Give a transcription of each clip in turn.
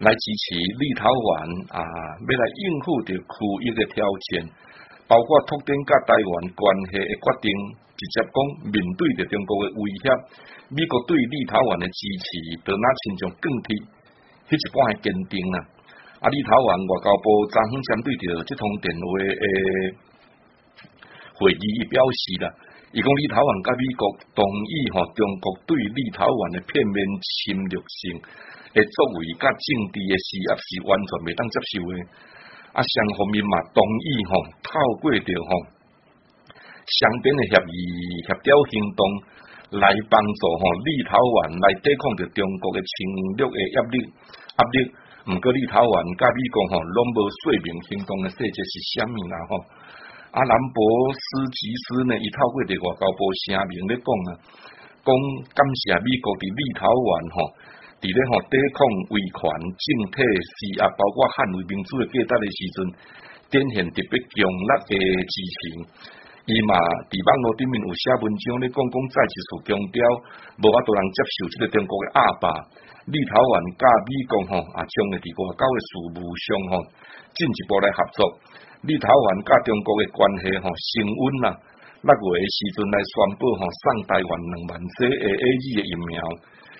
來支持立陶宛啊，要來應付着區域嘅挑戰，包括拓展甲台灣關係嘅決定，直接講面對着中國嘅威脅，美國對立陶宛嘅支持，到若親像鋼鐵迄一般堅定啊！啊，立陶宛外交部昨昏相對着即通電話誒，會議伊表示啦，伊講立陶宛甲美國同意哈，中國對立陶宛嘅片面侵略性。係作為家政治嘅事業是完全未當接受誒。阿雙方咪默同意嗬、哦，透過條嗬雙邊嘅協議協調行動來、哦，立來幫助嗬立陶宛嚟對抗住中國嘅侵略嘅壓力壓力。毋過立陶宛甲美國嗬，攏無說明、哦、行動嘅細節是啥物。啦？嗬，阿蘭博斯基斯呢，伊透過啲外交部聲明嚟講啊，講感謝美國佇立陶宛嗬、哦。佇咧吼對抗威權政體時啊，包括捍衛民主嘅價值個時陣，展現特別強烈嘅激情。伊嘛佇網絡頂面有寫文章咧，講講再一次強調，無法度人接受這個中國嘅壓霸。立陶宛加美國吼啊，將個外交事務上吼，進一步來合作。立陶宛加中國嘅關係吼升溫啦。六月的時陣來宣布吼，上台灣兩萬劑 A A E 嘅疫苗。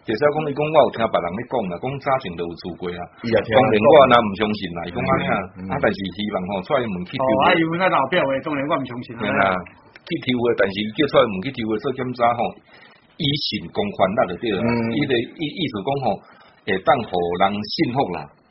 就係講，你講我有聽別人咧講啦，講早前就有做過啊、嗯嗯哦。當然我係唔相信啦，講啱嘅，但係希望吼出門去抽，我以為喺後邊，我當然我唔相信啦。去抽說但是叫出門去抽嘅，做檢查吼，以錢共款得咗啲啦。說啲意意思講吼，係等何人信服啦。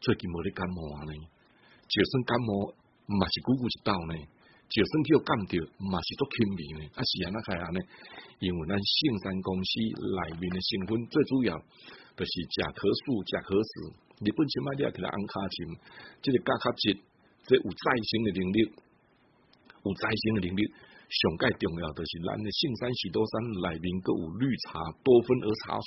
最近冇得感冒呢，就算感冒，唔係是久久一兜呢，就算叫干掉，唔係是都輕微呢。啊是啊那開下呢？因為咱聖山公司內面的成分最主要，就是甲殼素、甲殼質。日本前賣啲也提來安卡清，即、這個甲殼質，即、這個、有再生嘅能力，有再生嘅能力。上界重要，就是咱嘅聖山許多山內面都有綠茶，多分茶、多酚和茶素。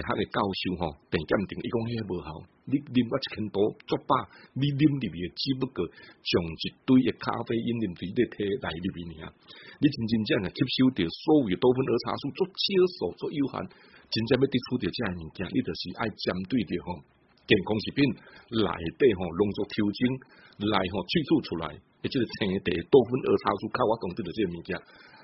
黑嘅教授吼，定鑑定，伊講迄無效。欸、好，你飲一千度，多，飽罷，你飲入去只不過像一堆誒咖啡因，連隊都推嚟入邊爾。你真正真吸收到所有多酚兒茶素，作少數作有限，真正要佇厝到真物件，你就是愛針對到吼健康食品內底吼，濃縮調整，內吼萃取出來，一啲青葉多酚兒茶素，靠我講到到啲物件。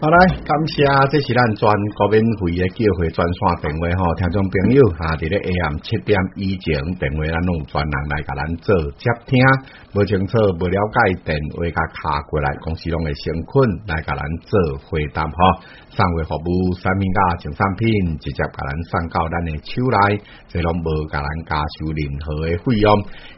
好嘞，感謝這是咱專高免費嘅機回專線電話哈，聽眾朋友哈，佇咧下 m 七點以前，電話咱攏有專人來甲咱做接聽，無清楚無了解，電話甲敲過來，公司攏會先困來甲咱做回答吼。送、啊、維服務產品加上產品，直接甲咱送到咱嘅手內，即攏無甲咱加收任何嘅費用。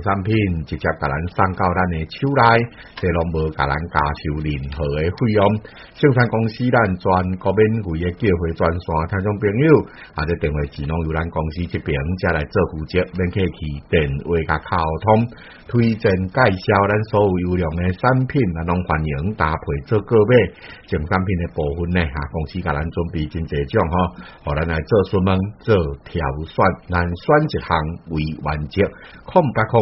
產品直接甲咱送到咱嘅手裏，就攏無甲咱加收任何嘅費用。生產公司咱全國免費要叫貨專線，聽眾朋友啊，這電話只能由咱公司這邊再來做負責，免客氣電話甲溝通，推薦介紹咱所有優良嘅產品，咱攏歡迎搭配做購買。產品嘅部分呢，哈、啊，公司甲咱準備真儕種吼互咱來做詢問、做挑選，咱選一項為完結，控不控？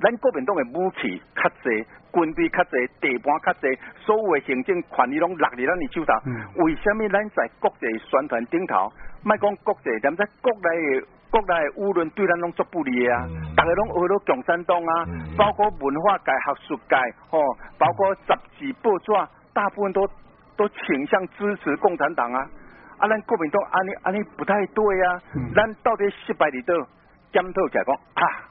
咱國民黨嘅武器較儕，軍隊較儕，地盤較儕，所有嘅行政權力攏落入咱嘅手上、嗯。為什麼咱在國際宣傳頂頭，莫講國際，咱在國內嘅國內嘅輿論對咱攏足不利啊、嗯？大家攏愛到共產黨啊、嗯，包括文化界、學術界，吼、哦，包括十幾報紙，大部分都都傾向支持共產黨啊。啊，咱國民黨安尼安尼不太對啊、嗯。咱到底失敗裡頭檢討一下講啊？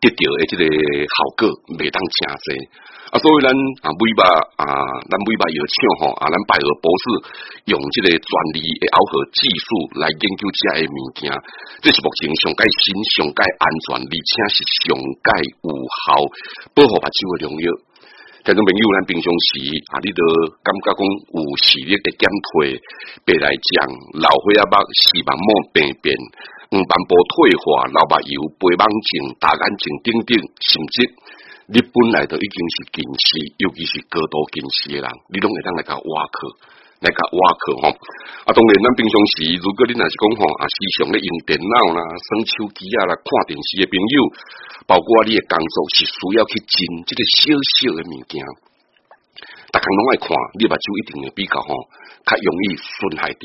得到即個效果，未當正勢啊！所以咱啊，尾巴啊，咱尾巴有唱吼啊，咱拜爾博士用即個專利嘅熬合技術來研究這嘅物件，這是目前上蓋新、上蓋安全，而且是上蓋有效、保護目睭嘅良藥。聽眾朋友，咱平常時啊，呢個感覺講有實力的減退，別來講老花眼、視網膜病變。嗯，瓣波退化，老目有飛蚊症、大眼睛、等等，甚至你本來都已經是近視，尤其是高度近視的人，你攏會當來個挖殼，來個挖殼吼。啊，當然咱平常時，如果你若是講吼，啊，時常咧用電腦啦、耍手機啊啦、看電視嘅朋友，包括你嘅工作是需要去近即個小小嘅物件，逐項攏愛看，你目睭一定會比較吼，較容易損害着。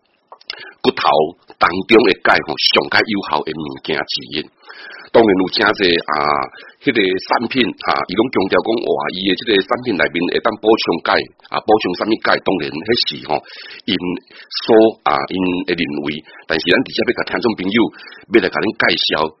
骨頭當中的鈣吼，上較有效嘅物件之一。當然有，而且啊，佢、那個產品哈，伊攏強調講哇伊嘅即個產品內面會當補充鈣啊，補充啥物鈣，當然係是吼、哦。因所啊，因會認為，但是咱直接要甲聽眾朋友，要來甲咱介紹。